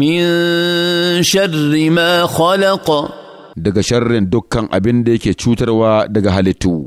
min sharri ma khalaqa daga sharrin dukkan abin da yake cutarwa daga halittu